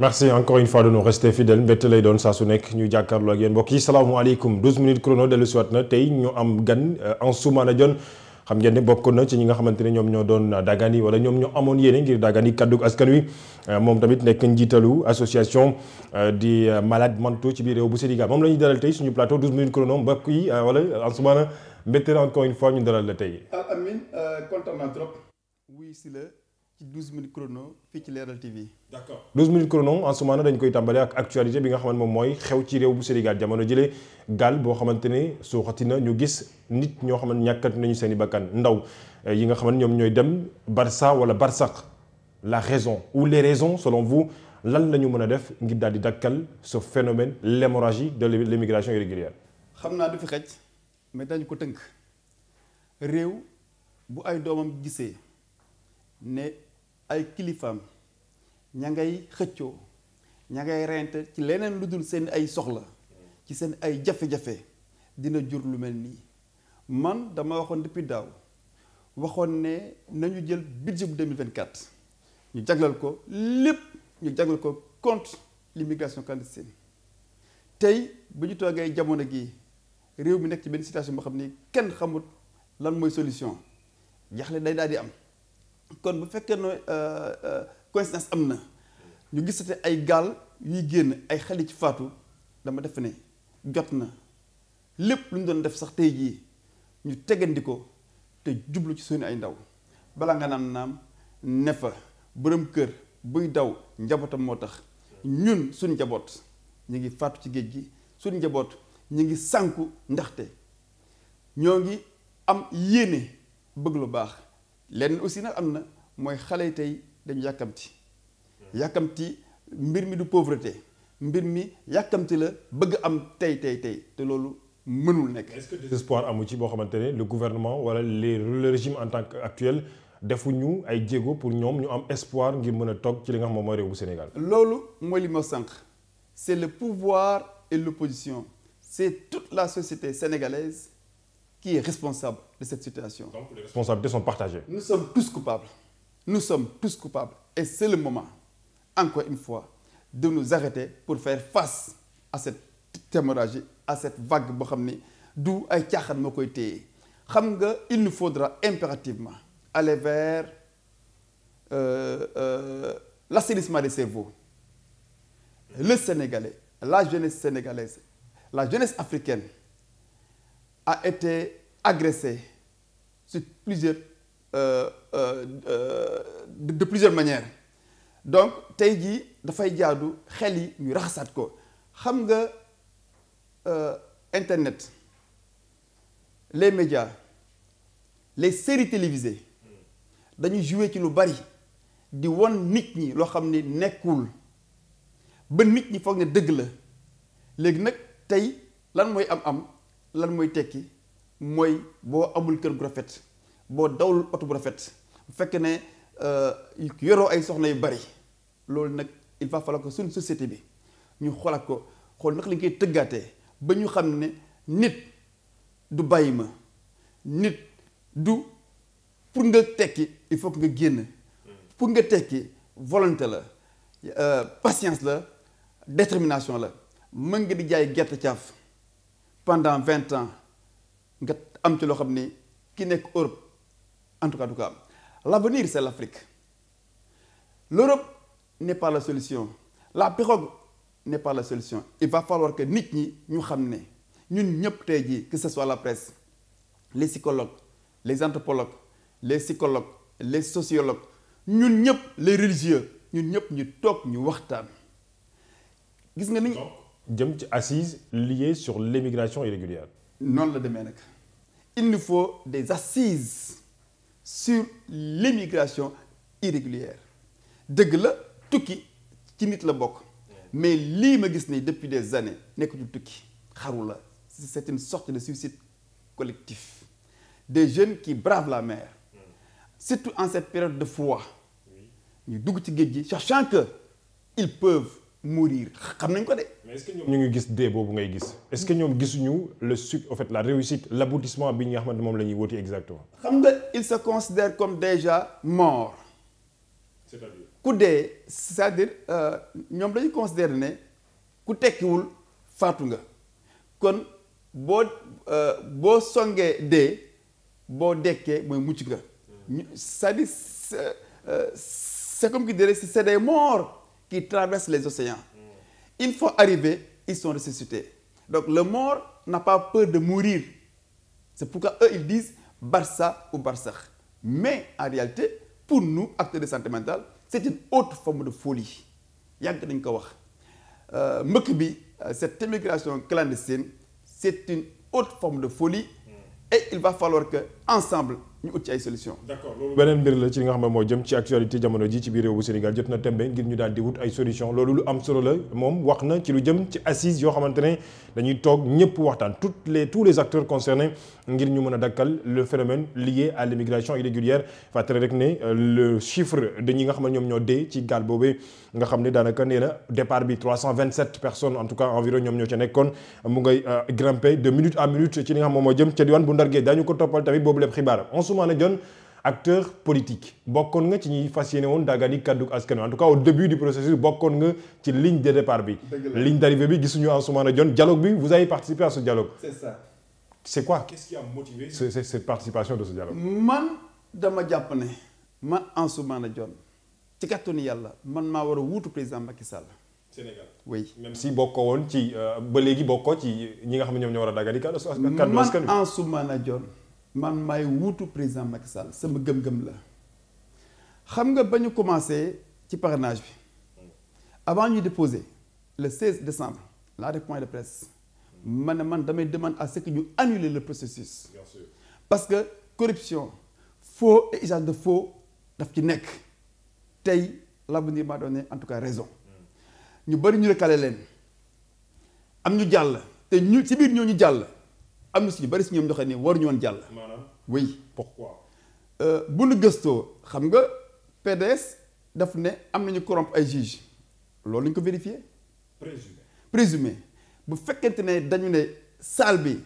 merci encore une fois de nous rester fidèles mbett lay doon saa su nekk ñu jàkkaarloo ak yéen mbokk yi salaamaaleykum 12 minutes chrono dellu si waat na tey ñu am gan euh, Ansoumana Dione xam ngeen ne bokk na ci ñi nga xamante ne ñoom ñoo doon dagani wala ñoom ñoo amoon yéene ngir dagani kaddu askan wi euh, moom tamit nekk njiitalu association euh, di malade mentaux ci biir réew bu Sénégal moom la ñuy dalal tey suñu plateau 12 minutes chrono mbokk yi wala Ansoumana mbett la encore une fois ñu dalal la tey. Al ah, Amin ci 12 minutes chrono fii ci Leral TV. d'accord 12 minutes chrono en ce moment koy tàmbale ak actualité bi nga xamante moom mooy xew ci réew bu Sénégal jamono jëlee gaal boo xamante ne suuxati na ñu gis nit ñoo xamante ñàkkati nañu seen i bakkan ndaw eh, yi nga xamante ñoom ñooy dem Barça wala Barsaq la raison ou les raisons selon vous lan la ñu mën a def ngir daal di dakkal su phénomène l'hémorragie de l'immigration irrégulière. xam naa du fi xëj mais dañ ko tënk réew bu ay doomam gisee ne. ay kilifaam ña ngay xëccoo ña ngay reyante ci leneen lu dul seen ay soxla ci seen ay jafe-jafe dina jur lu mel nii man dama waxoon depuis daaw waxoon ne nañu jël budget bu 2024 ñu jaglal ko lépp ñu jaglal ko contre l'immigration clandestine tey bu ñu toogee jamono gi réew mi nekk ci benn situation boo xam ni kenn xamut lan mooy solution jaaxle day daal di am kon bu fekkee ne euh, euh, coïncidence am na ñu gisate ay gaal yuy génn ay xale ci faatu dama def ne jot na lépp lu ñu doon def sax tey jii ñu tegandi te jublu ci suñu ay ndaw balaa nga naan naam ne fa bërëm kër buy daw njabootam moo tax ñun suñ njaboot ñu ngi faatu ci géej gi suñ njaboot ñu ngi sànku ndaxte ñoo ngi am yéene bëgg lu baax. lenn aussi nag am na mooy xale yi tey dañu yàkkamti yàkkamti mbir mi du pauvreté mbir mi yàkkamti la bëgg am tey tey tey te loolu mënul nekk. est-ce que amu ci boo xamante ne le gouvernement wala les le régime en tant que defu ñu ay jéego pour ñoom ñu am espoir ngir mën a toog ci li nga xam moom mooy réew bu Sénégal. loolu mooy li ma sànq c'est le pouvoir et l'opposition c'est toute la société sénégalaise. qui est responsable de cette situation. Donc les responsabilités sont Nous sommes tous coupables. Nous sommes tous coupables. Et c'est le moment, encore une fois, de nous arrêter pour faire face à cette hémorragie, à cette vague boo xam ni du ay caaxaan moo koy téye xam nga il nous faudra impérativement aller vers euh, euh, l'assainissement des cerveaux. Le Sénégalais, la jeunesse sénégalaise, la jeunesse africaine a été agressé sur plusieurs euh, euh, euh, de, plusieurs manières donc tey jii dafay jaadu xel yi ñu raxasaat ko xam nga euh, internet les médias les séries télévisées dañuy jouer ci lu bari di won nit ñi loo xam ne nekkul ba nit ñi foog na dëgg la léegi nag tey lan mooy am am lan mooy tekki mooy boo amul kër gu rafet boo dawul oto bu rafet bu fekkee ne euh, yoroo ay soxna yu bari loolu nag il va falloir ko suñ société bi ñu xoolaat ko xool nag lañ koy tëggaatee ba ñu xam ne nit du bàyyi ma nit du pour nga tekki il faut que nga génn pour nga tekki volonté la euh, patience la détermination la mën nga di jaay gerte caaf pendant vingt ans nga am ci loo xam ni ki nekk Europe en tout cas du ko am l'avenir c'est l'Afrique l'Europe n'est pas la solution la pirogue n'est pas la solution il va falloir que nit ñi ñu xam ne ñun ñëpp tey jii que ce soit la presse les psychologues les anthropologues les psychologues les sociologues ñun ñëpp les religieux ñun ñëpp ñu toog ñu waxtaan gis nga ni. jëm ci assises liées sur l'immigration irrégulière. noonu la demee nag il nous faut des assises sur l'immigration irrégulière dëgg la tukki ci nit la bokk mais lii ma gis ni depuis des années nekkatul tukki xaru la c'est une sorte de suicide collectif des jeunes qui bravent la mer surtout en cette période de froid ñu dugg ci géej gi sachant que ils peuvent mourir xam nañ ko de. mais ñoom ñu ngi gis dee boobu ngay gis est que ñoom gisuñu le suc en fait la réussite l'aboutissement bi nga xamante moom la ñuy wóoti exactement. xam nga il se considère comme déjà mort. cest ku dee cest à euh, ñoom dañu considérer ne ku tekkiwul faatu nga kon boo euh, boo songee dee boo dekkee mooy mucc nga. Hmm. c'est-à-dire euh, c'est comme qui dirait c'est des morts. qui traversent les océans. Une fois arrivés, ils sont ressuscités. Donc le mort n'a pas peur de mourir. C'est pourquoi eux, ils disent Barça ou Barsakh. Mais en réalité, pour nous, acteurs de santé mentale, c'est une autre forme de folie. yàgg nañ ko wax euh, mbëkk bi euh, cette immigration clandestine c'est une autre forme de folie et il va falloir que ensemble ñu ut ci ay solution beneen mbir la ci li nga xam ne moo jëm ci actualité jamono ji ci biir réew bu Sénégal jot na tembe ngir ñu daal di wut ay solution loolu lu am solo la moom wax na ci lu jëm ci assises yoo xamante ne dañuy toog ñëpp waxtaan tout les tous les acteurs concernés ngir ñu mën a dakkal le phénomène lié à l'immigration irrégulière fàttali rek ne euh, le chiffre de nga xam ñoom ñoo dee ci gaal boobee nga xam ne daanaka nee na départ bi personnes en tout cas ñoom ñoo euh, ci li nga xam moom moo jëm ca diwaan bu ndargee daañu ko toppal tamit boobu lépp xibaar Ousmane Dione acteur politique bokkoon nga ci ñuy fas yéene woon dagani kaddu askan en tout cas au début du processus bokkoon nga ci ligne de départ bi. ligne bi gisuñu Ousmane Dione dialogue bi vous avez participé à ce dialogue. c'est ça. c'est quoi qu'est-ce qui a motivé cette participation de ce dialogue. man dama jàpp ne. man Ousmane Dione. ci kàttanu yàlla man maa war a wutu président Macky Sall. Sénégal oui même si woon ci euh, ba léegi bokkoo ci ñi nga xam ne man maay wuutu président Macky Sall sama gëm-gëm la xam nga ba ñu commencé ci parrainage bi avant ñuy déposer le 16 décembre la def point de presse man ne man damay demande à ce ñu annuler le processus. Bien parce que corruption faux et usage de faux daf ci nekk tey l'avenir m'a donné en tout cas raison hmm. ñu bëri ñu recalé leen am ñu jàll te ñu ci biir ñoo ñu jàll. am na suñu bari si ñoom ñoo xam ne waruñu woon euh, xam nga PDS daf ne am nañu corrompre ay juge loolu lañu ko vérifié. présumé présumé bu fekkente ne dañu ne salle bi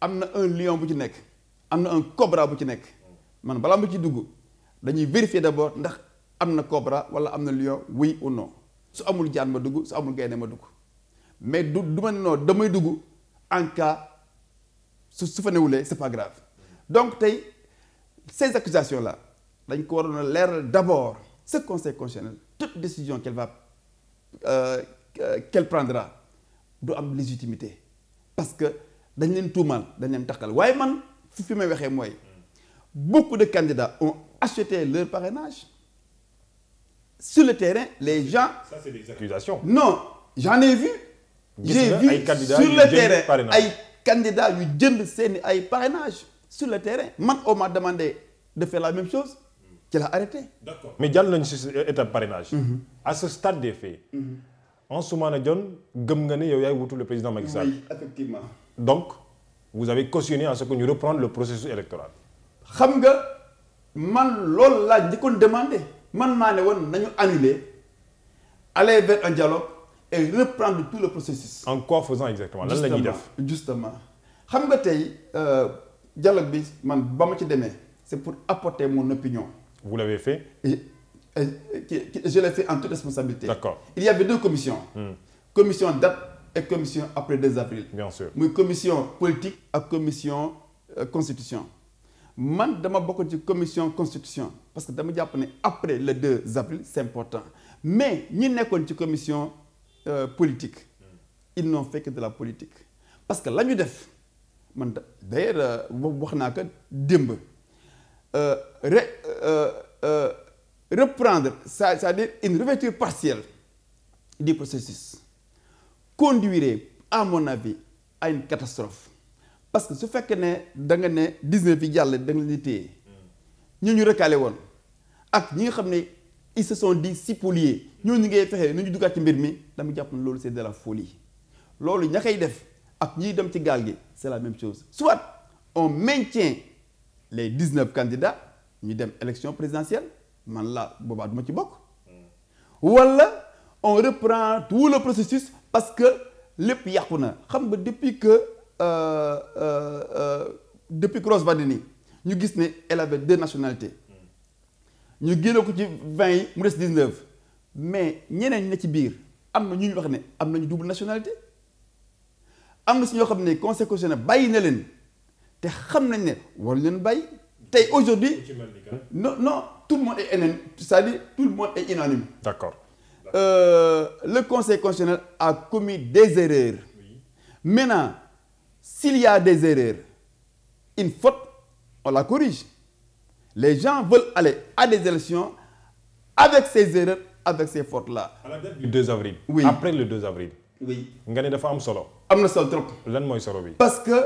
am na un lion bu ci nekk am na un cobra bu ci nekk man balaa ma ci dugg dañuy vérifier d'abord ndax am na cobra wala am na lion oui ou non su amul jaan ma dugg su amul gaynde ma dugg mais du ma ne non damay dugg en su su fa newulee c'est pas grave donc tey ces accusations la dañ ko waroon a leeral d'abord ce conseil constitutionnel toute décision qu'elle va euh, euh prendra du am légitimité parce que dañ leen tuumaal dañ leen takkal waaye man fi fi may waxee mooy beaucoup de candidats ont acheté leur parrainage sur le terrain les gens. ça c'est non j'en ai vu. j'ai vu sur le terrain ay. candidats yu jënd seeni ay parrainage sur le terrain man on m'a demandé de la même chose ci la arrêté. d'accord mais jàll nañu si étape parrainage. Mm-hmm. à ce stade des faits. Mm-hmm. na jon gëm nga ne yow yaay wutu le président Macky Sall. oui donc vous avez cautionné à ce que ñu reprendre le processus électoral. xam nga man loolu laa njëkkoon demandé man maa ne woon nañu annuler aller vers un et reprendre tout le processus. en quoi faisant exactement lan la ñuy def justement xam nga tey euh, dialogue bi man ba ma ci demee c'est pour apporter mon opinion. vous l'avez fait. et je l'ai fait en toute responsabilité. d'accord il y avait deux commissions. Hmm. commission date et commission après 2 avril. bien muy commission politique ak commission euh, constitution. man dama bokk ci commission constitution parce que dama jàpp ne après le 2 avril c'est important mais ñi nekkoon ci commission. Euh, politique ils n'ont fekk de la politique parce que la ñu def man d'ailleurs euh, wax naa ko démb euh, re reprendre c'est-à-dire une réouverture partielle du processus conduirait à mon avis à catastrophe parce que su fekkee ne da nga ne 19 yi jàll da nga leen téye ñu ñu recalé woon ak ñi nga xam ne. ils se sont dit spoliés ñoo ñu ngay fexe ñu duggaat ci mbir mi dama jàpp ne loolu c'est de la folie loolu ña koy def ak ñuy dem ci gaal gi c'est la même chose soit on maintient les dix-neuf candidats ñu dem élection présidentielle man la boobaat duma ci bokk wala on reprend tout le processus parce que lépp yàqu na xam nga depuis que euh, euh, euh, depuis que Rose ñu gis ne elle de nationalité ñu génne ko ci vingt yi mu des dix mais ñeneen ne ci biir am na ñu ñu wax ne am nañu double nationalité am na si ñoo xam ne conseil constitutionnel bàyyi na leen te xam nañ ne war leen bàyyi tey aujourd'hui non non tout le monde est unanime cest à tout le monde est unanime d'accord euh, le conseil constitutionnel a commis des erreurs oui. maintenant s'il des erreurs une faute on la corrige Les gens veulent aller à des élections avec ces erreurs, avec ces fautes-là. À la date du 2 avril. Oui. Après le 2 avril. Oui. nga ne dafa am solo. am na solo trop. lan mooy solo bi. parce que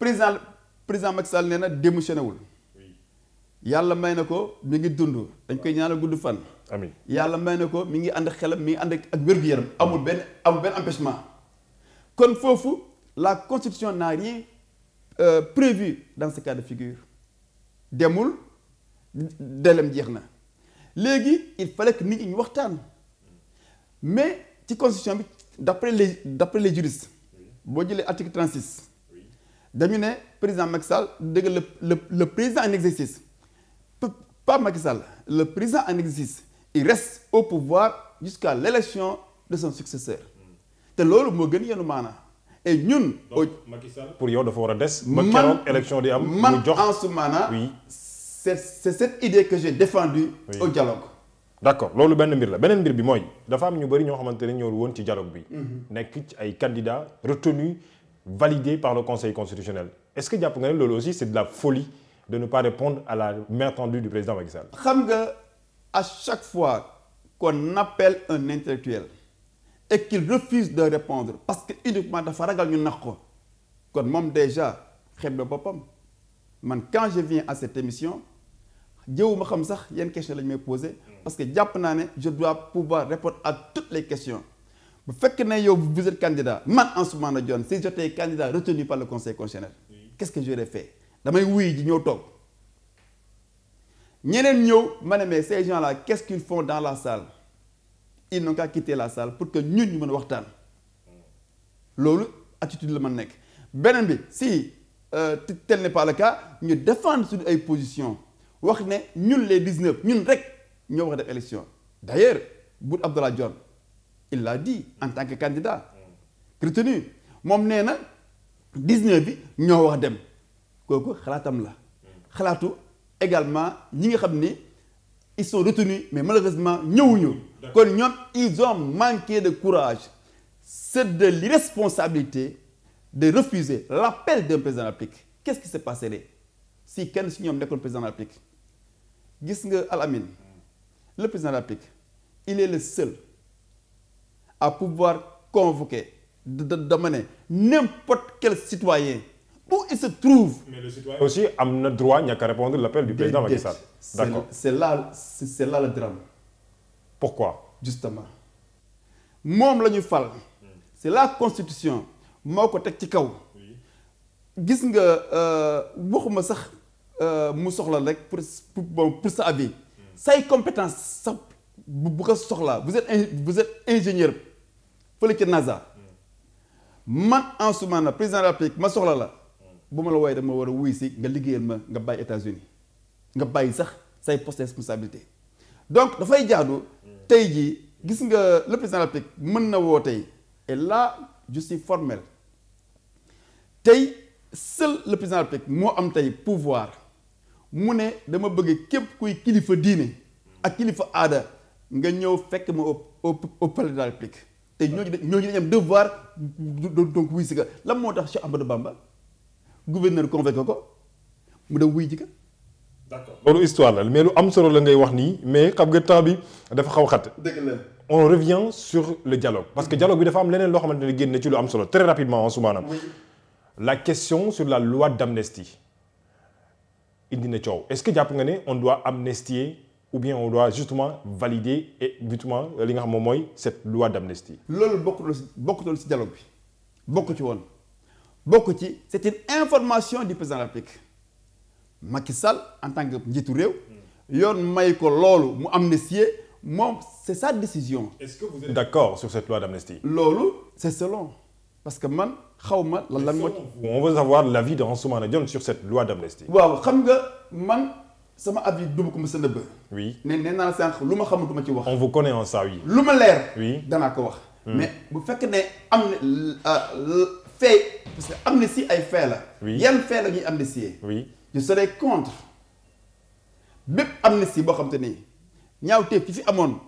président président Macky Sall nee na démissionné wul. yàlla may na ko mi ngi dund dañ koy ñaanal gudd fan. amiin yàlla may na ko mi ngi ànd xelam mi ngi ànd ak wér-gu-yaram. amul benn amul benn empêchement. kon foofu la constitution n'a rien euh, prévu dans ce cas de figure demul. délem jeex na léegi il fallait que nit ñi ñu waxtaan mais ci constitution bi d'après les d'après les juristes boo jëlee article 36 dañu ne président Macky Sall dëgg le le le président en exercice pas Macky Sall le président en exercice il reste au pouvoir jusqu'à l'élection de son successeur te loolu moo gën yenu maana et ñun. donc pour yow dafa war a des. ba keroog élection di am. mu jox man en c'est c'est cette idée que j'ai défendue oui. au dialogue d'accord loolu benn mbir la beneen mbir bi mooy dafa am ñu bëri ñoo xamante ne ñëwul woon ci dialogue bi mhm. nekk ci ay candidats retenus validés par le conseil constitutionnel est-ce que jàpp nga ne loolu aussi c'est de la folie de ne pas répondre à la main du président Macky xam nga à chaque fois qu'on appelle un intellectuel et qu'il refuse de répondre parce que uniquement dafa ragal ñu nax ko kon moom déjà xeeb na boppam man quand je à émission jëwu ma xam sax yenn question la ñu may posé parce que jàpp naa ne je dois pouvoir répondre à toutes les questions bu fekkee ne yow bu êtes candidat man Ansoumana Dione si j'étais candidat retenu par le conseil constitutionnel qu'est-ce que j'aurais fait damay wuy ji ñëw toog ñeneen ñëw ma ne mais ces gens là qu'est-ce qu'ils font dans la salle ils n'ont qu'à quitter la salle pour que ñun ñu mën a waxtaan loolu attitude la man nekk beneen bi si euh, tel n'est pas le cas ñu défendre suñu ay positions wax ne ñun les 19 ñun rek ñoo wax def élection d' ailleurs Boun Abdallah Dionne il l'a dit en tant que candidat retenu moom nee na 19 bi ñoo wax dem kooku xalaatam la xalaatu également ñi ngi xam ni ils sont retenus mais malheureusement ñëwuñu kon ñoom ils ont manqué de courage c'est de l'irresponsabilité de refuser l'appel d'un président de la République qu'est-ce qui s'est passé si kenn si ñoom nekkoon président de gis nga Al Amin le président de la République il est le seul à pouvoir convoquer dama ne n'importe quel citoyen où il se trouve. aussi am na droit ñàkk a répondre l'appel du président Macky Sall. d'accord c'est là c'est là le drame. pourquoi. justement moom la ñu fal. c'est la constitution moo ko teg ci kaw. gis nga euh, waxuma sax. Euh, mu soxla rek pour pour sa avis say compétence sax bu ko soxlaa vous êtes vous êtes ingénieur fële ca NASA man Ansoumana président de ma soxla la bu ma la wooyee dama war a wuy si nga liggéeyal ma nga bàyyi États-Unis nga bàyyi sax say poste de responsabilité donc dafay jaadu tey jii gis nga le président de mën na woo tey et là je suis formel tey seul le président de moo am tey pouvoir mu ne dama bëgg képp kuy kilifa diine ak kilifa aada nga ñëw fekk ma au au palais de la République te ñooñu dañ ñooñu dañ am devoir donc wuy si ka lan moo tax Cheikh Amadou Bamba gouverneur convoqué ko mu dem wuy ji ka d'accord loolu histoire la mais lu am solo la ngay wax nii mais xam nga temps bi dafa xaw xat dëgg la on revient sur le dialogue parce que mm-hmm. dialogue bi dafa am leneen loo xamante ne génn ci lu am solo très rapidement en sumaanam la question sur la loi d'amnistie indi na coow est-ce que jàpp nga ne on doit amnistier ou bien on doit justement valider et justement li nga xam moom mooy cette loi d'amnistie. loolu bokkul ci bokkutul si dialogue bi bokk ci woon bokk ci c'est une information du président de la République en tant que njiitu réew. yoon may ko loolu mu amnistier moom c'est sa décision. est-ce que vous êtes d'accord sur cette loi d'amnistie. loolu c'est selon. parce que man xaw ma lan la moo. on veut savoir l'avis de Ansoumana Dione sur cette loi d'amnistie. waaw xam nga man sama avis duma ko mës a nëbb. oui ne nee naa la sànq lu ma xamul du ma ci wax. on vous connaît lu ma leer. oui danaa ko wax. Hmm. mais bu fekkee ne am na euh, euh, fait parce ay fait la. oui yan fait la ñuy amnistier. oui je serai contre bépp amnistie boo xam te ni ñaawteef ci fi amoon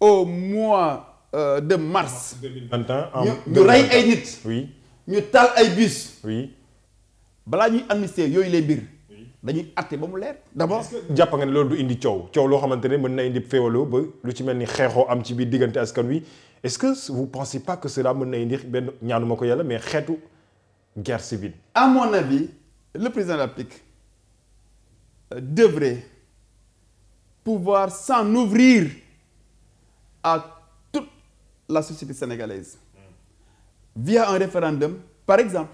au mois. Euh, de mars. 2021 en ñu rey ay nit. oui ñu taal ay bis oui balaa ñuy amnistie yooyu lay mbir. dañuy àtte ba mu leer d'abord. est que jàpp nga ne loolu du indi coow coow loo xamante ne mën na indi féewaloo ba lu ci mel ni xeexoo am ci biir diggante askan wi est-ce que vous pensez pas que cela mën na indi benn ñaanuma ko yàlla mais xeetu guerre civile. à mon avis le président de la République euh, devrait pouvoir s'en ouvrir à la société sénégalaise via un référendum par exemple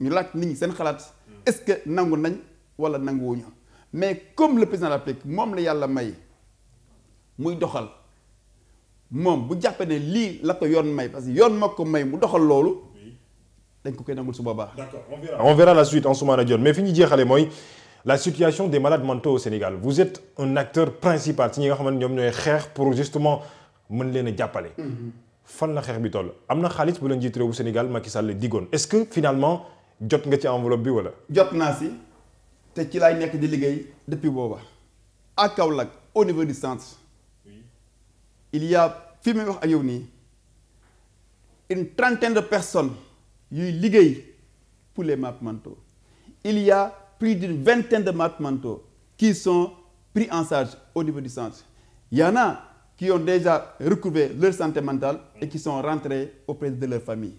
ñu laaj nit ñi seen xalaat est-ce que nangu nañ wala nanguwuñu mais comme le président de moom la yàlla may muy doxal moom bu jàppee ne lii la ko yoon may parce que yoon ma ko may mu doxal loolu dañ ko koy nangul su boobaa. d'accord on verra on verra la suite en Soumana Dione mais fi ñu jeexalee mooy la situation des malades mentaux au Sénégal vous êtes un acteur principal ci ñi nga xamante ñoom ñooy xeex pour justement mën leen a jàppale. Mm-hmm. fan la xeex bi toll am na xaalis bu leen jiite réewu Sénégal Macky Sall diggoon est-ce que finalement jot nga ci enveloppe bi wala. jot naa si te ci laay nekk di liggéey depuis booba à Kaolack au niveau du centre il y a fi may wax ak yow nii une trentaine de personnes yuy liggéey pour les MAP Manto il y a plus d'une vingtaine de MAP Manto qui sont pris en charge au niveau du centre y en qui yoon déjà recouvré leur santé mentale et qui rentré rentrés auprès de leur famille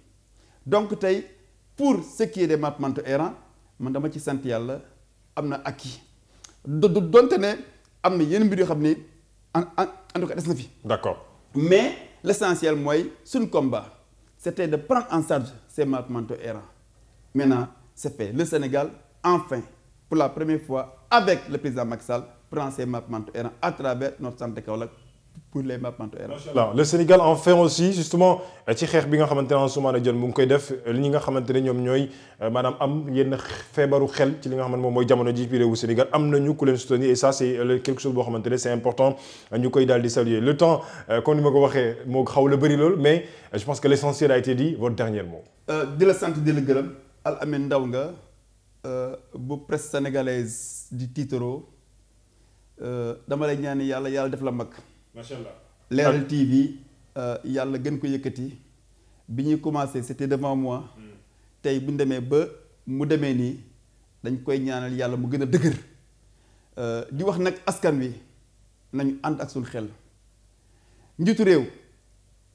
donc tey pour ce qui est des malades mentaux errants man dama ci sant yàlla am na ak acquis do donte ne am na yenn mbir yoo xam ne en en tout des na fi. d'accord mais l'essentiel mooy suñ combat c'était de prendre en charge ces malades mentaux errants maintenant c'est fait le Sénégal enfin pour la première fois avec le président Macky Sall prend ces malades mentaux errants à travers notre santé Kaolack pour les maps mentaux erreurs. la Sénégal en fait aussi justement ci xeex bi nga xamante ne Ansoumana Dione mu ngi koy def li ñi nga xamante ne ñoom ñooy euh, maanaam am yenn feebaru xel ci li nga xamante moom mooy jamono ji fii réewu Sénégal am nañu ku leen soutenir et ça c' euh, ne c' est ñu koy daal di saluer le temps euh, comme ni ma ko waxee moo xaw la bari lool mais je pense que l' essentiel a été dit votre dernier mot. di la sant di la gërëm Al Amine Ndaw nga bu presse sénégalaise di tiitaroo dama lay ñaan yàlla yàlla def la mag. macha allah Leral TV euh, yàlla gën ko yëkkati bi ñuy commencé c'était devant moi. Hmm. tey bu ñu demee ba mu demee nii dañ koy ñaanal yàlla mu gën a dëgër. Euh, di wax nag askan wi nañu ànd ak suñu xel njiitu réew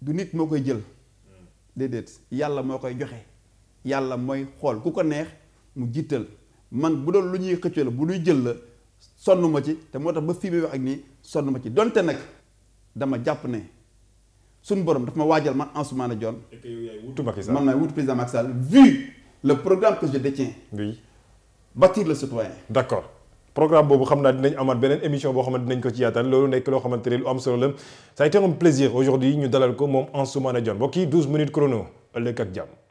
du nit moo koy jël hmm. déedéet yàlla moo koy joxe yàlla mooy xool ku ko neex mu jiital man bu doon lu ñuy xëccoo la bu luy jël la sonn ma ci te moo tax ba fii bi wax ak nii sonn ma ci donte nag dama jàpp ne suñu borom daf ma waajal man Ansoumana Dione. et que yow yaay wutu Macky Sall man maay wutu président Macky Sall vu le programme que je détiens. oui bâtir le citoyen. d' accord programme boobu xam naa dinañ amaat beneen émission boo xamante dinañ ko ci yaatal loolu nekk loo xamante ne lu am solo la ça a été un plaisir aujourd'hui ñu dalal ko moom Ansoumana Dione mbokk yi 12 minutes chrono ëllëg ak jàmm.